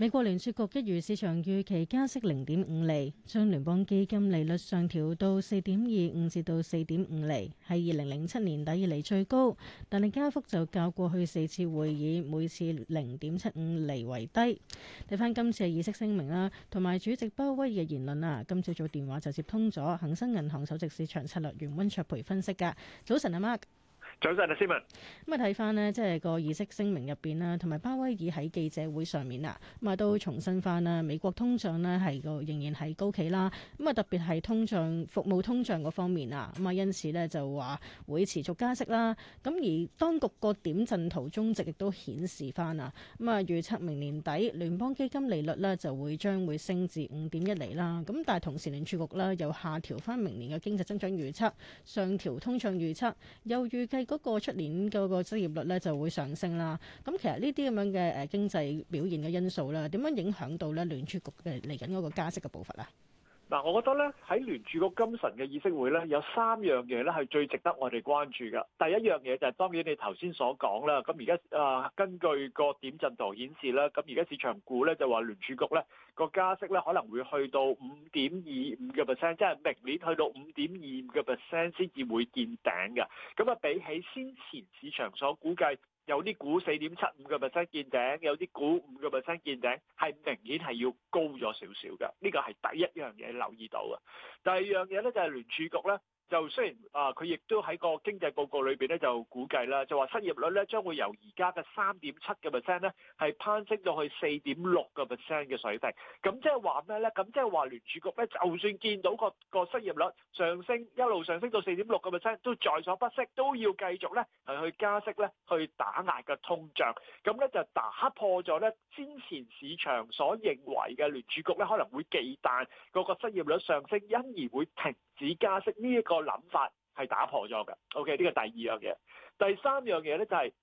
美國聯儲局一如市場預期加息零點五厘，將聯邦基金利率上調到四點二五至到四點五厘，係二零零七年底以嚟最高。但係加幅就較過去四次會議每次零點七五厘為低。睇翻今次嘅議息聲明啦，同埋主席鮑威爾嘅言論啊。今朝早電話就接通咗恒生銀行首席市場策略員溫卓培分析噶。早晨阿 Mark 早晨啊，斯文。咁啊，睇翻呢，即係個議息聲明入邊啦，同埋鮑威爾喺記者會上面啦，咁啊都重申翻啦，美國通脹呢，係個仍然係高企啦。咁啊，特別係通脹、服務通脹嗰方面啊，咁啊，因此呢，就話會持續加息啦。咁而當局個點陣圖中值亦都顯示翻啊，咁啊，預測明年底聯邦基金利率呢，就會將會升至五點一厘啦。咁但係同時聯儲局呢，又下調翻明年嘅經濟增長預測，上調通脹預測，又預計。嗰個出年嗰個失業率咧就會上升啦。咁其實呢啲咁樣嘅誒經濟表現嘅因素啦，點樣影響到咧聯儲局嘅嚟緊嗰個加息嘅步伐咧？嗱，我覺得咧喺聯儲局今晨嘅議息會咧，有三樣嘢咧係最值得我哋關注嘅。第一樣嘢就係、是、當然你頭先所講啦。咁而家啊，根據個點陣圖顯示啦，咁而家市場股咧就話聯儲局咧個加息咧可能會去到五點二五嘅 percent，即係明年去到五點二五嘅 percent 先至會見頂嘅。咁啊，比起先前市場所估計。有啲股四點七五嘅 percent 見頂，有啲股五嘅 percent 見頂，係明顯係要高咗少少嘅。呢個係第一樣嘢留意到嘅。第二樣嘢咧就係聯儲局咧。就雖然啊，佢亦都喺個經濟報告裏邊咧，就估計啦，就話失業率咧將會由而家嘅三點七個 percent 咧，係攀升到去四點六個 percent 嘅水平。咁即係話咩咧？咁即係話聯儲局咧，就算見到個個失業率上升，一路上升到四點六個 percent，都在所不惜，都要繼續咧係去加息咧，去打壓個通脹。咁咧就打破咗咧先前市場所認為嘅聯儲局咧可能會忌憚個個失業率上升，因而會停止加息呢、這、一個。個諗法係打破咗嘅，OK？呢個第二樣嘢，第三樣嘢咧就係、是。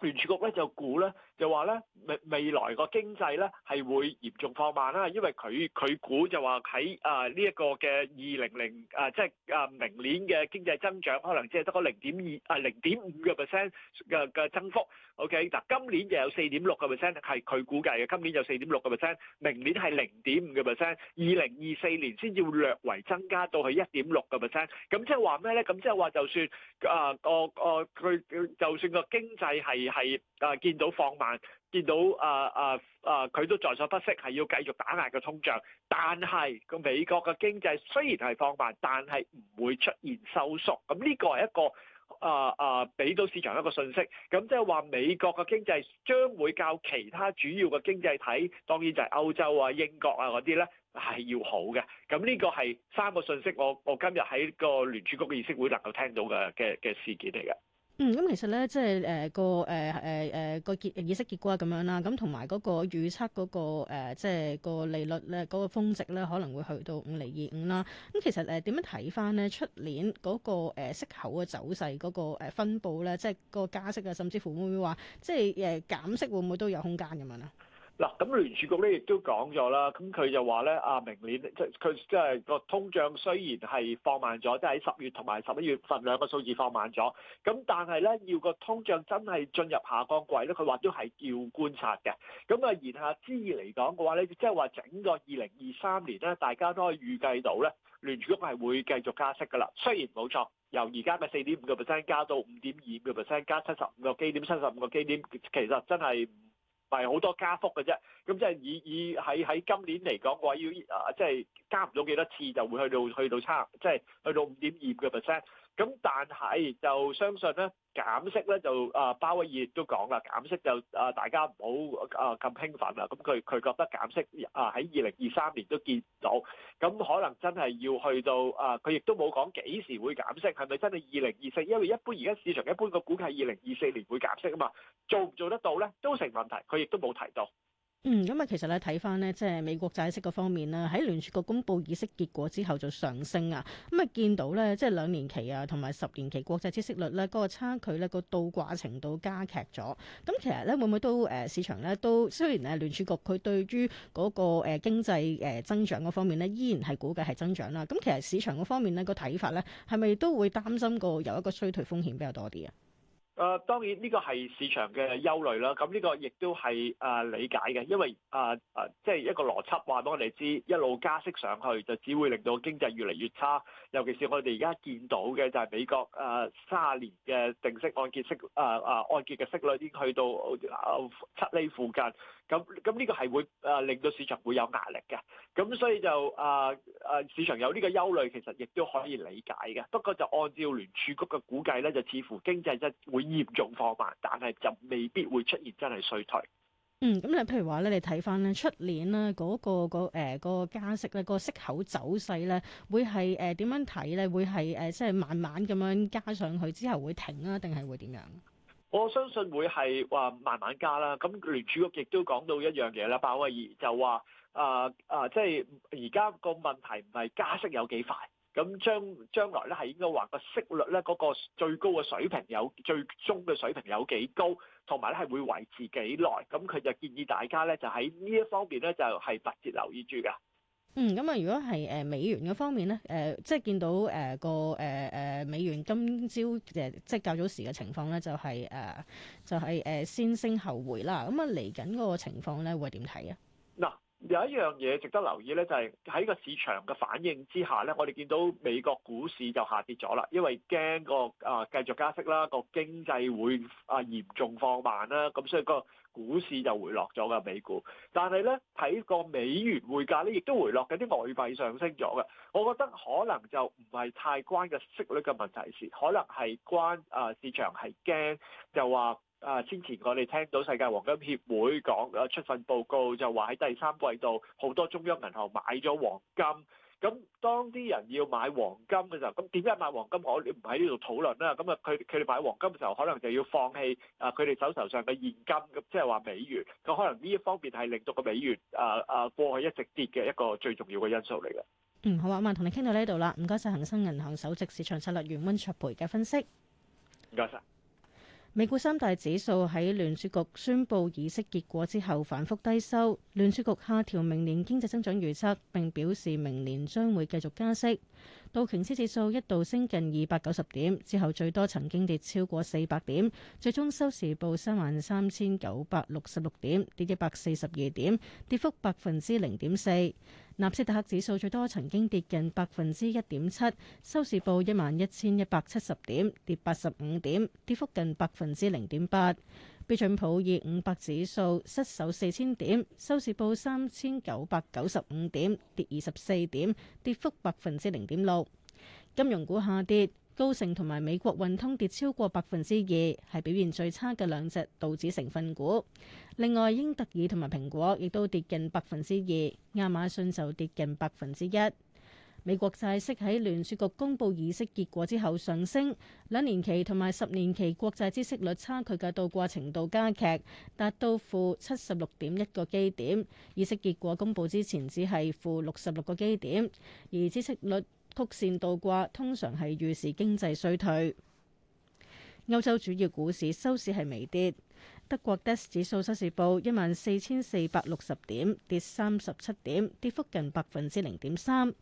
聯儲局咧就估咧，就話咧未未來個經濟咧係會嚴重放慢啦，因為佢佢估就話喺啊呢一個嘅二零零啊，即係啊明年嘅經濟增長可能只係得個零點二啊零點五個 percent 嘅嘅增幅。OK，嗱今年就有四點六個 percent 係佢估計嘅，今年有四點六個 percent，明年係零點五個 percent，二零二四年先至會略為增加到去一點六個 percent。咁即係話咩咧？咁即係話就算啊個個佢就算個經濟係。係啊，見到放慢，見到啊啊啊，佢、啊啊、都在所不惜，係要繼續打壓個通脹。但係個美國嘅經濟雖然係放慢，但係唔會出現收縮。咁呢個係一個啊啊，俾、啊、到市場一個信息。咁即係話美國嘅經濟將會較其他主要嘅經濟體，當然就係歐洲啊、英國啊嗰啲咧，係要好嘅。咁呢個係三個信息我，我我今日喺個聯儲局嘅議息會能夠聽到嘅嘅嘅事件嚟嘅。嗯，咁、嗯、其實咧，即係誒個誒誒誒個結意識結果咁樣啦，咁同埋嗰個預測嗰個誒，即係個利率咧，嗰個峰值咧，可能會去到五厘二五啦。咁其實誒點樣睇返咧，出年嗰個誒息口嘅走勢嗰個誒分佈咧，即係個加息啊，甚至乎會唔會話即係誒減息會唔會都有空間咁樣咧？嗱，咁聯儲局咧亦都講咗啦，咁佢就話咧，啊明年即佢即係個通脹雖然係放慢咗，即喺十月同埋十一月份兩個數字放慢咗，咁但係咧要個通脹真係進入下降季咧，佢話都係要觀察嘅。咁啊言下之意嚟講嘅話咧，即係話整個二零二三年咧，大家都可以預計到咧，聯儲局係會繼續加息㗎啦。雖然冇錯，由而家嘅四點五個 percent 加到五點二個 percent，加七十五個基點，七十五個基點，其實真係。係好多加幅嘅啫，咁即係以以喺喺今年嚟講嘅話，要啊即係、就是、加唔到幾多次就會去到去到差，即、就、係、是、去到五點二嘅 percent。咁但係就相信咧減息咧就啊鮑威爾都講啦，減息就啊大家唔好啊咁興奮啦。咁佢佢覺得減息啊喺二零二三年都見到，咁可能真係要去到啊，佢亦都冇講幾時會減息，係咪真係二零二四？因為一般而家市場一般個估計係二零二四年會減息啊嘛，做唔做得到咧都成問題，佢亦都冇提到。嗯，咁啊，其實咧睇翻咧，即係美國債息嗰方面啦，喺聯儲局公佈議息結果之後就上升啊，咁、嗯、啊見到咧，即係兩年期啊同埋十年期國債息率咧，嗰、那個差距咧、那個倒掛程度加劇咗。咁、嗯、其實咧會唔會都誒、呃、市場咧都雖然咧聯儲局佢對於嗰、那個誒、呃、經濟增長嗰方面咧依然係估計係增長啦。咁、嗯、其實市場嗰方面呢，那個睇法咧係咪都會擔心個有一個衰退風險比較多啲啊？啊、呃，當然呢個係市場嘅憂慮啦。咁呢個亦都係啊理解嘅，因為啊啊，即、呃、係、呃就是、一個邏輯話俾我哋知，一路加息上去就只會令到經濟越嚟越差。尤其是我哋而家見到嘅就係美國啊，卅、呃、年嘅定息按揭息啊啊，按揭嘅息率已經去到、呃、七釐附近。咁咁呢個係會啊、呃、令到市場會有壓力嘅。咁所以就啊、呃、啊，市場有呢個憂慮，其實亦都可以理解嘅。不過就按照聯儲局嘅估計咧，就似乎經濟真會嚴重放慢，但係就未必會出現真係衰退。嗯，咁你譬如話咧，你睇翻咧，出年咧嗰個、呃嗰個誒加息咧個息口走勢咧，會係誒點樣睇咧？會係誒、呃、即係慢慢咁樣加上去之後會停啊，定係會點樣？我相信會係話慢慢加啦。咁聯儲局亦都講到一樣嘢啦，鮑威爾就話啊啊，即係而家個問題唔係加息有幾快。咁將將來咧係應該話個息率咧嗰、那個最高嘅水平，有最終嘅水平有幾高，同埋咧係會維持幾耐？咁佢就建議大家咧就喺呢一方面咧就係密切留意住噶。嗯，咁啊，如果係誒美元嘅方面咧，誒、呃、即係見到誒個誒誒美元今朝誒即係較早時嘅情況咧，就係、是、誒、呃、就係、是、誒先升後回啦。咁啊，嚟緊嗰個情況咧會點睇啊？有一樣嘢值得留意咧，就係喺個市場嘅反應之下咧，我哋見到美國股市就下跌咗啦，因為驚、那個啊、呃、繼續加息啦，個經濟會啊嚴重放慢啦，咁所以個股市就回落咗噶美股。但係咧，睇個美元匯價咧，亦都回落緊，啲外幣上升咗嘅。我覺得可能就唔係太關個息率嘅問題事，可能係關啊市場係驚就話。啊！先前我哋聽到世界黃金協會講有出份報告，就話喺第三季度好多中央銀行買咗黃金。咁當啲人要買黃金嘅時候，咁點解買黃金？我哋唔喺呢度討論啦。咁啊，佢佢哋買黃金嘅時候，可能就要放棄啊佢哋手頭上嘅現金，咁即係話美元。咁可能呢一方面係令到個美元啊啊過去一直跌嘅一個最重要嘅因素嚟嘅。嗯，好啊，咁啊，同你傾到呢度啦。唔該晒，恒生銀行首席市場策略員温卓培嘅分析。唔該晒。美股三大指數喺聯儲局宣布議息結果之後反覆低收，聯儲局下調明年經濟增長預測，並表示明年將會繼續加息。道瓊斯指數一度升近二百九十點，之後最多曾經跌超過四百點，最終收市報三萬三千九百六十六點，跌一百四十二點，跌幅百分之零點四。納斯達克指數最多曾經跌近百分之一點七，收市報一萬一千一百七十點，跌八十五點，跌幅近百分之零點八。標準普爾五百指數失守四千點，收市報三千九百九十五點，跌二十四點，跌幅百分之零點六。金融股下跌，高盛同埋美國運通跌超過百分之二，係表現最差嘅兩隻道指成分股。另外，英特爾同埋蘋果亦都跌近百分之二，亞馬遜就跌近百分之一。美國債息喺聯儲局公佈議息結果之後上升，兩年期同埋十年期國債孳息率差距嘅倒掛程度加劇，達到負七十六點一個基點。議息結果公佈之前只係負六十六個基點，而孳息率曲線倒掛通常係預示經濟衰退。歐洲主要股市收市係微跌。德國 DAX 指數收市報一萬四千四百六十點，跌三十七點，跌幅近百分之零點三。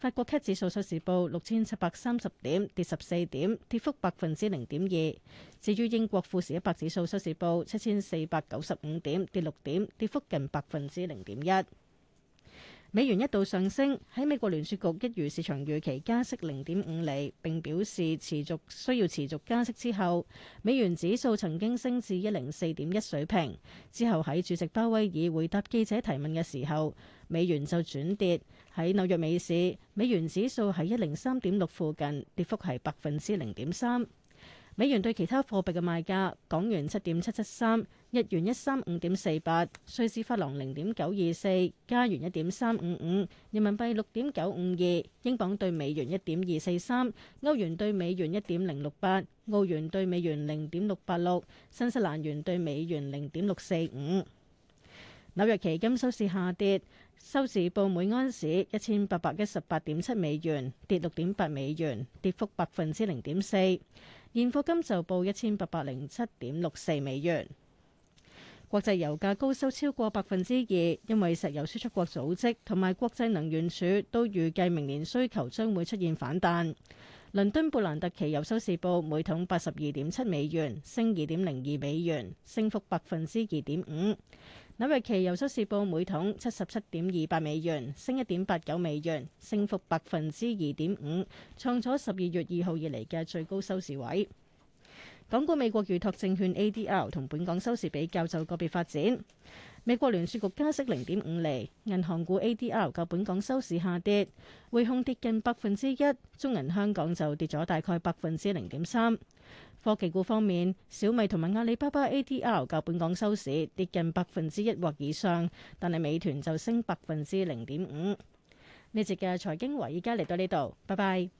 法國 CAC 指數收市報六千七百三十點，跌十四點，跌幅百分之零點二。至於英國富時一百指數收市報七千四百九十五點，跌六點，跌幅近百分之零點一。美元一度上升，喺美國聯儲局一如市場預期加息零點五厘，並表示持續需要持續加息之後，美元指數曾經升至一零四點一水平。之後喺主席鮑威爾回答記者提問嘅時候，美元就轉跌。喺紐約美市，美元指數喺一零三點六附近，跌幅係百分之零點三。美元對其他貨幣嘅賣價，港元七點七七三。日元一三五點四八，瑞士法郎零點九二四，加元一點三五五，人民幣六點九五二，英鎊兌美元一點二四三，歐元兌美元一點零六八，澳元兌美元零點六八六，新西蘭元兌美元零點六四五。紐約期金收市下跌，收市報每安士一千八百一十八點七美元，跌六點八美元，跌幅百分之零點四。現貨金就報一千八百零七點六四美元。國際油價高收超過百分之二，因為石油輸出國組織同埋國際能源署都預計明年需求將會出現反彈。倫敦布蘭特期油收市報每桶八十二點七美元，升二點零二美元，升幅百分之二點五。紐約期油收市報每桶七十七點二八美元，升一點八九美元，升幅百分之二點五，創咗十二月二號以嚟嘅最高收市位。港股美國預託證券 A D L 同本港收市比較就個別發展。美國聯儲局加息零點五厘，銀行股 A D L 較本港收市下跌，匯控跌近百分之一，中銀香港就跌咗大概百分之零點三。科技股方面，小米同埋阿里巴巴 A D L 較本港收市跌近百分之一或以上，但係美團就升百分之零點五。呢節嘅財經華，而家嚟到呢度，拜拜。